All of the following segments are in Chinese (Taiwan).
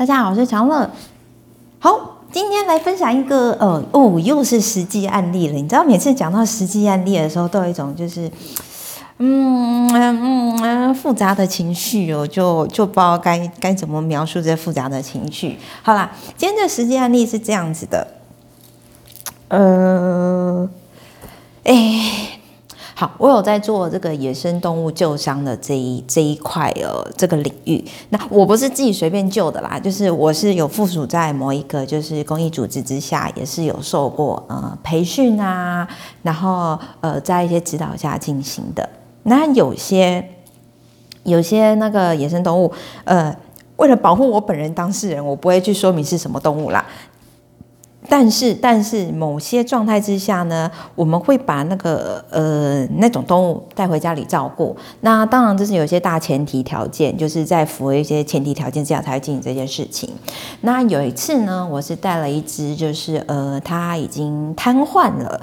大家好，我是常樂。好，今天來分享一個呃哦，又是實際案例了。你知道，每次講到實際案例的時候，都有一種就是嗯嗯、啊、複雜的情緒哦，就就不知道該該怎麼描述這複雜的情緒。好啦，今天的實際案例是這樣子的，呃，哎。好，我有在做這個野生動物救傷的這一這一塊呃，這個領域。那我不是自己隨便救的啦，就是我是有附屬在某一個就是公益組織之下，也是有受過呃培訓啊，然後呃在一些指導下進行的。那有些有些那個野生動物，呃，為了保護我本人當事人，我不會去說明是什麼動物啦。但是，但是某些狀態之下呢，我們會把那個呃那種動物帶回家裡照顧。那當然，這是有一些大前提條件，就是在符合一些前提條件之下才會進行這件事情。那有一次呢，我是帶了一隻，就是呃，它已經癱瘓了。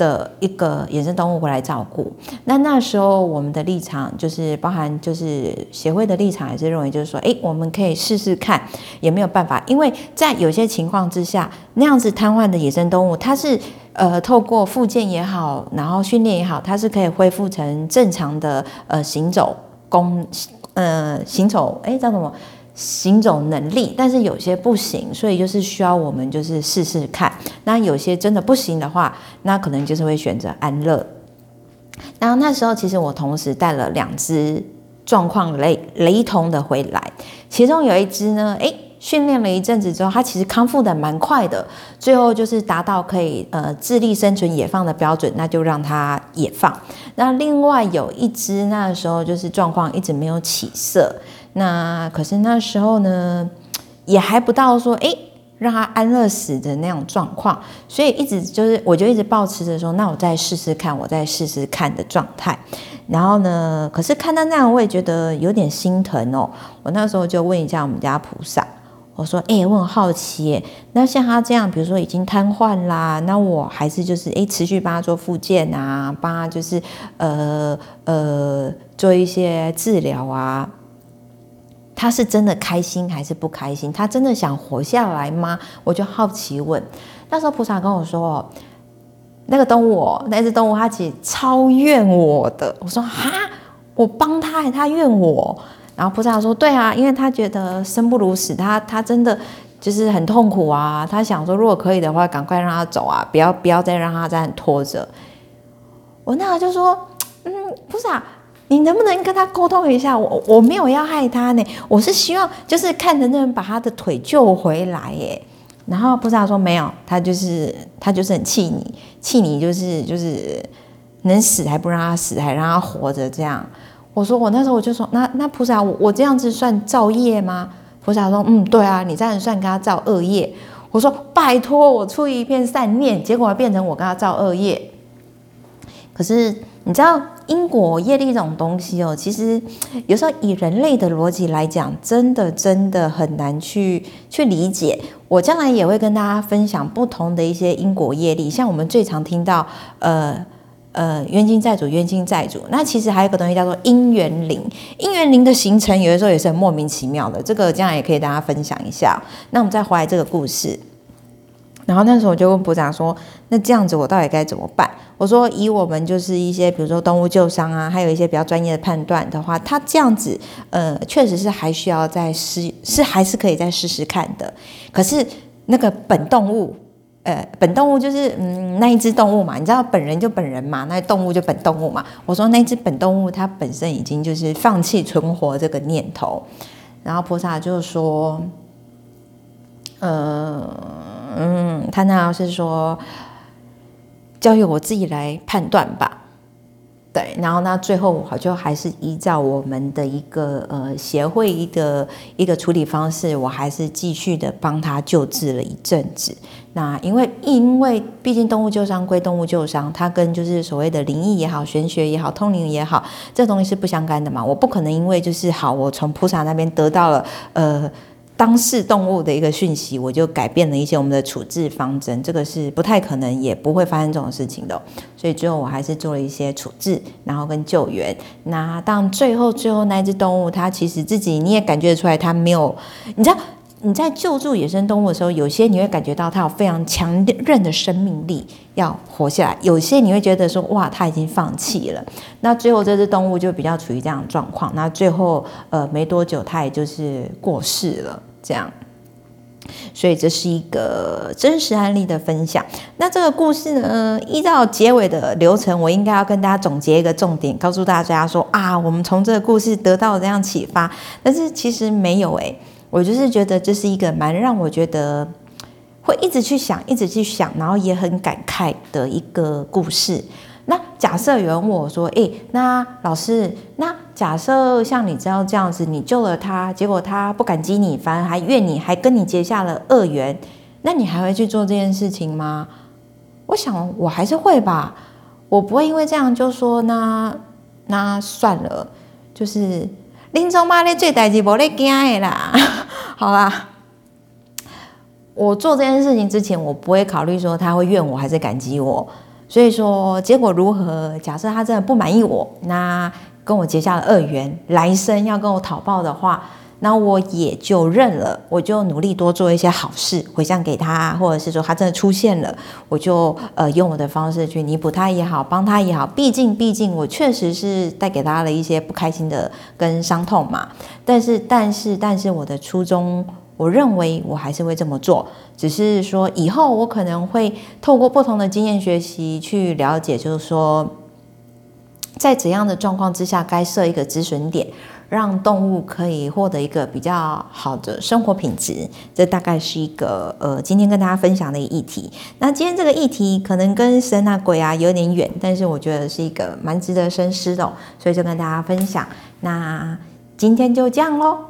的一個野生動物回來照顧，那那時候我們的立場就是包含就是協會的立場也是認為就是說，誒、欸，我們可以試試看，也沒有辦法，因為在有些情況之下，那樣子癱瘓的野生動物，它是呃透過復健也好，然後訓練也好，它是可以恢復成正常的呃行走功呃行走誒、欸，叫什麼行走能力，但是有些不行，所以就是需要我們就是試試看。那有些真的不行的話，那可能就是會選擇安樂。然後那時候其實我同時帶了兩隻狀況雷雷同的回來，其中有一隻呢，誒、欸，訓練了一陣子之後，它其實康復的蠻快的，最後就是達到可以呃自立生存野放的標準，那就讓它野放。那另外有一隻，那時候就是狀況一直沒有起色，那可是那時候呢，也還不到說誒。欸讓他安樂死的那種狀況，所以一直就是，我就一直抱持着說，那我再試試看，我再試試看的狀態。然後呢，可是看到那樣，我也覺得有點心疼哦。我那時候就問一下我們家菩薩，我說，哎，我很好奇耶，那像他這樣，比如說已經癱瘓啦，那我還是就是哎，持續幫他做復健啊，幫他就是呃呃做一些治療啊。他是真的開心還是不開心？他真的想活下來嗎？我就好奇問。那時候菩薩跟我說：“那個動物，那隻動物，它其實超怨我的。”我說：“哈，我幫他，他怨我。”然後菩薩說：“對啊，因為他覺得生不如死，他他真的就是很痛苦啊。他想說，如果可以的話，趕快讓他走啊，不要不要再讓他這樣拖着。”我那個就說：“嗯，菩薩。”你能不能跟他溝通一下？我我沒有要害他呢，我是希望就是看能不能把他的腿救回來。誒，然後菩薩說沒有，他就是他就是很氣你，氣你就是就是能死還不讓他死，還讓他活着這樣。我說我那時候我就說，那那菩薩，我我這樣子算造業嗎？菩薩說，嗯，對啊，你這樣算跟他造惡業。我說拜託，我出於一片善念，結果變成我跟他造惡業。可是你知道因果業力這種東西哦、喔，其實有時候以人類的邏輯來講，真的真的很難去去理解。我將來也會跟大家分享不同的一些因果業力，像我們最常聽到呃呃冤親債主、冤親債主，那其實還有一個東西叫做因緣靈，因緣靈的形成有的時候也是很莫名其妙的。這個將來也可以跟大家分享一下。那我們再回來這個故事。然後那時候我就問菩薩說：“那這樣子我到底該怎麼辦？”我說：“以我們就是一些比如說動物救傷啊，還有一些比較專業的判斷的話，他這樣子，呃，確實是還需要再試，是還是可以再試試看的。可是那個本動物，呃，本動物就是嗯，那一只動物嘛，你知道，本人就本人嘛，那動物就本動物嘛。我說那一只本動物它本身已經就是放棄存活這個念頭。然後菩薩就說，呃。”嗯，他那要是說交由我自己來判斷吧。對，然後那最後好就還是依照我們的一個呃協會的一個一個處理方式，我還是繼續的幫他救治了一陣子。那因為因為畢竟動物救傷歸動物救傷，它跟就是所謂的靈異也好，玄學也好，通靈也好，這個東西是不相干的嘛。我不可能因為就是好，我從菩薩那邊得到了呃。當事動物的一個訊息，我就改變了一些我們的處置方針。這個是不太可能，也不會發生這種事情的哦。所以最後我還是做了一些處置，然後跟救援。那當最後最後那隻動物，它其實自己你也感覺出來，它沒有。你知道你在救助野生動物的時候，有些你會感覺到它有非常強韌的生命力要活下來，有些你會覺得說哇，它已經放棄了。那最後這隻動物就比較處於這樣的狀況。那最後呃，沒多久它也就是過世了。這樣，所以這是一個真實案例的分享。那這個故事呢，依照結尾的流程，我應該要跟大家總結一個重點，告訴大家說啊，我們從這個故事得到這樣啟發。但是其實沒有誒、欸，我就是覺得這是一個蠻讓我覺得會一直去想，一直去想，然後也很感慨的一個故事。那假設有人問我說，哎、欸，那老師，那假設像你知道這樣子，你救了他，結果他不感激你，反而還怨你，還跟你結下了惡緣，那你還會去做這件事情嗎？我想我還是會吧，我不會因為這樣就說那那算了，就是林走媽你做代志無得驚的啦， 好啦，我做這件事情之前，我不會考慮說他會怨我還是感激我。所以說，結果如何？假設他真的不滿意我，那跟我結下了惡緣，來生要跟我討報的話，那我也就認了，我就努力多做一些好事回向給他，或者是說他真的出現了，我就呃用我的方式去彌補他也好，幫他也好。畢竟畢竟我確實是帶給他了一些不開心的跟傷痛嘛，但是但是但是我的初衷。我認為我還是會這麼做，只是說以後我可能會透過不同的經驗學習去了解，就是說在怎樣的狀況之下該設一個止損點，讓動物可以獲得一個比較好的生活品質。這大概是一個呃，今天跟大家分享的議題。那今天這個議題可能跟神啊鬼啊有點遠，但是我覺得是一個蠻值得深思的哦，所以就跟大家分享。那今天就這樣嘍。